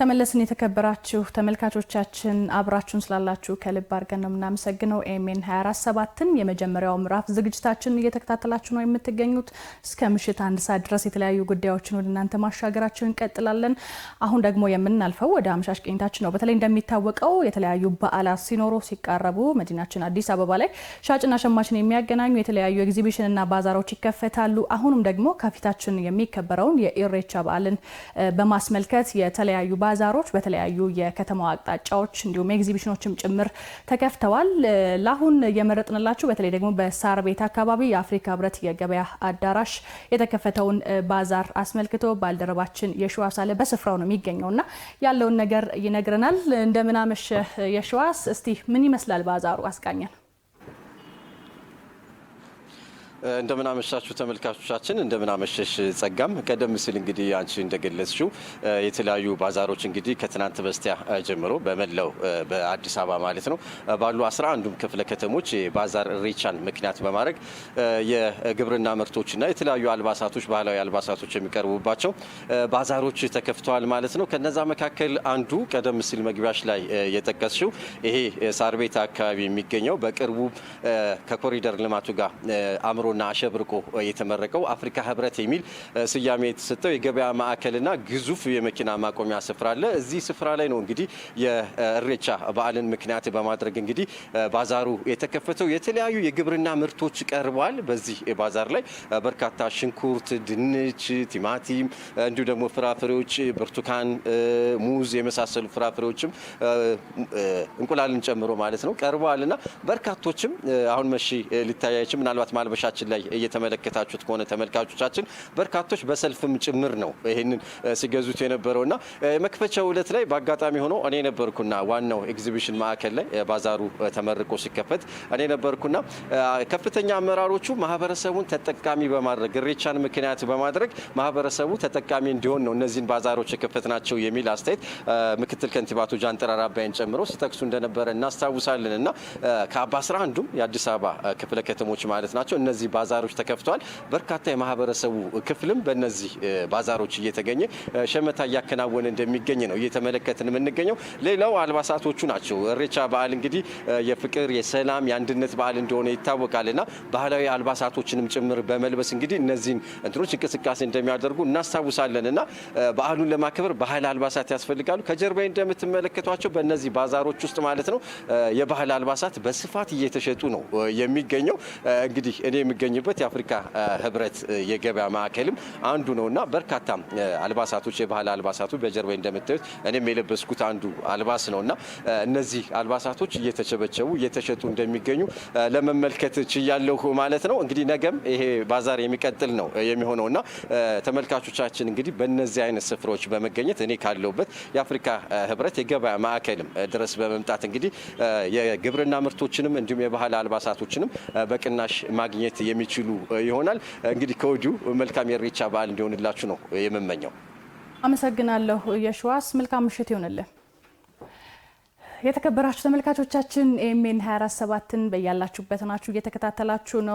ተመለስን። የተከበራችሁ ተመልካቾቻችን አብራችሁን ስላላችሁ ከልብ አድርገን ነው የምናመሰግነው። ኤሜን 247ን የመጀመሪያው ምዕራፍ ዝግጅታችን እየተከታተላችሁ ነው የምትገኙት። እስከ ምሽት አንድ ሰዓት ድረስ የተለያዩ ጉዳዮችን ወደ እናንተ ማሻገራችን እንቀጥላለን። አሁን ደግሞ የምናልፈው ወደ አምሻሽ ቅኝታችን ነው። በተለይ እንደሚታወቀው የተለያዩ በዓላት ሲኖሩ ሲቃረቡ መዲናችን አዲስ አበባ ላይ ሻጭና ሸማችን የሚያገናኙ የተለያዩ ኤግዚቢሽንና ባዛሮች ይከፈታሉ። አሁንም ደግሞ ከፊታችን የሚከበረውን የኢሬቻ በዓልን በማስመልከት የተለያዩ ባዛሮች በተለያዩ የከተማ አቅጣጫዎች እንዲሁም ኤግዚቢሽኖችም ጭምር ተከፍተዋል። ለአሁን የመረጥንላችሁ በተለይ ደግሞ በሳር ቤት አካባቢ የአፍሪካ ህብረት የገበያ አዳራሽ የተከፈተውን ባዛር አስመልክቶ ባልደረባችን የሸዋስ አለ በስፍራው ነው የሚገኘውና ያለውን ነገር ይነግረናል። እንደምናመሸ የሸዋስ፣ እስቲ ምን ይመስላል ባዛሩ? አስቃኘን። እንደምናመሻችሁ ተመልካቾቻችን፣ እንደምናመሸሽ ጸጋም። ቀደም ሲል እንግዲህ አንቺ እንደገለጽሽው የተለያዩ ባዛሮች እንግዲህ ከትናንት በስቲያ ጀምሮ በመላው በአዲስ አበባ ማለት ነው ባሉ አስራ አንዱም ክፍለ ከተሞች የባዛር ሬቻን ምክንያት በማድረግ የግብርና ምርቶችና የተለያዩ አልባሳቶች፣ ባህላዊ አልባሳቶች የሚቀርቡባቸው ባዛሮች ተከፍተዋል ማለት ነው። ከነዛ መካከል አንዱ ቀደም ሲል መግቢያሽ ላይ የጠቀስሽው ይሄ ሳር ቤት አካባቢ የሚገኘው በቅርቡ ከኮሪደር ልማቱ ጋር አምሮ አብሮና አሸብርቆ የተመረቀው አፍሪካ ህብረት የሚል ስያሜ የተሰጠው የገበያ ማዕከልና ግዙፍ የመኪና ማቆሚያ ስፍራ አለ። እዚህ ስፍራ ላይ ነው እንግዲህ የእሬቻ በዓልን ምክንያት በማድረግ እንግዲህ ባዛሩ የተከፈተው። የተለያዩ የግብርና ምርቶች ቀርቧል። በዚህ ባዛር ላይ በርካታ ሽንኩርት፣ ድንች፣ ቲማቲም እንዲሁ ደግሞ ፍራፍሬዎች፣ ብርቱካን፣ ሙዝ የመሳሰሉ ፍራፍሬዎችም እንቁላልን ጨምሮ ማለት ነው ቀርበዋል በርካቶችም አሁን መሺ ሊታያይችም ምናልባት ማልበሻችን ፕሮግራማችን ላይ እየተመለከታችሁት ከሆነ ተመልካቾቻችን በርካቶች በሰልፍም ጭምር ነው ይህንን ሲገዙት የነበረውና መክፈቻው ዕለት ላይ በአጋጣሚ ሆኖ እኔ ነበርኩና ዋናው ኤግዚቢሽን ማዕከል ላይ ባዛሩ ተመርቆ ሲከፈት እኔ ነበርኩና ከፍተኛ አመራሮቹ ማህበረሰቡን ተጠቃሚ በማድረግ እሬቻን ምክንያት በማድረግ ማህበረሰቡ ተጠቃሚ እንዲሆን ነው እነዚህን ባዛሮች የከፈት ናቸው የሚል አስተያየት ምክትል ከንቲባቱ ጃንጥራር አባይን ጨምሮ ሲጠቅሱ እንደነበረ እናስታውሳለን እና ከአስራ አንዱም የአዲስ አበባ ክፍለ ከተሞች ማለት ናቸው እነዚህ ባዛሮች ተከፍተዋል። በርካታ የማህበረሰቡ ክፍልም በእነዚህ ባዛሮች እየተገኘ ሸመታ እያከናወነ እንደሚገኝ ነው እየተመለከትን የምንገኘው። ሌላው አልባሳቶቹ ናቸው። እሬቻ በዓል እንግዲህ የፍቅር የሰላም፣ የአንድነት በዓል እንደሆነ ይታወቃል እና ባህላዊ አልባሳቶችንም ጭምር በመልበስ እንግዲህ እነዚህን እንትኖች እንቅስቃሴ እንደሚያደርጉ እናስታውሳለን እና በዓሉን ለማክበር ባህል አልባሳት ያስፈልጋሉ። ከጀርባ እንደምትመለከቷቸው በእነዚህ ባዛሮች ውስጥ ማለት ነው የባህል አልባሳት በስፋት እየተሸጡ ነው የሚገኘው እንግዲህ እኔ የሚገኝበት የአፍሪካ ህብረት የገበያ ማዕከልም አንዱ ነው እና በርካታ አልባሳቶች የባህል አልባሳቶች በጀርባ እንደምታዩት እኔም የለበስኩት አንዱ አልባስ ነው እና እነዚህ አልባሳቶች እየተቸበቸቡ እየተሸጡ እንደሚገኙ ለመመልከት ችያለሁ ማለት ነው። እንግዲህ ነገም ይሄ ባዛር የሚቀጥል ነው የሚሆነው እና ተመልካቾቻችን እንግዲህ በእነዚህ አይነት ስፍራዎች በመገኘት እኔ ካለሁበት የአፍሪካ ህብረት የገበያ ማዕከልም ድረስ በመምጣት እንግዲህ የግብርና ምርቶችንም እንዲሁም የባህል አልባሳቶችንም በቅናሽ ማግኘት የሚችሉ ይሆናል። እንግዲህ ከወዲሁ መልካም የኢሬቻ በዓል እንዲሆንላችሁ ነው የምመኘው። አመሰግናለሁ የሸዋስ። መልካም ምሽት ይሆንልን። የተከበራችሁ ተመልካቾቻችን ኤኤምኤን 247 7 ን በያላችሁበት ናችሁ እየተከታተላችሁ ነው።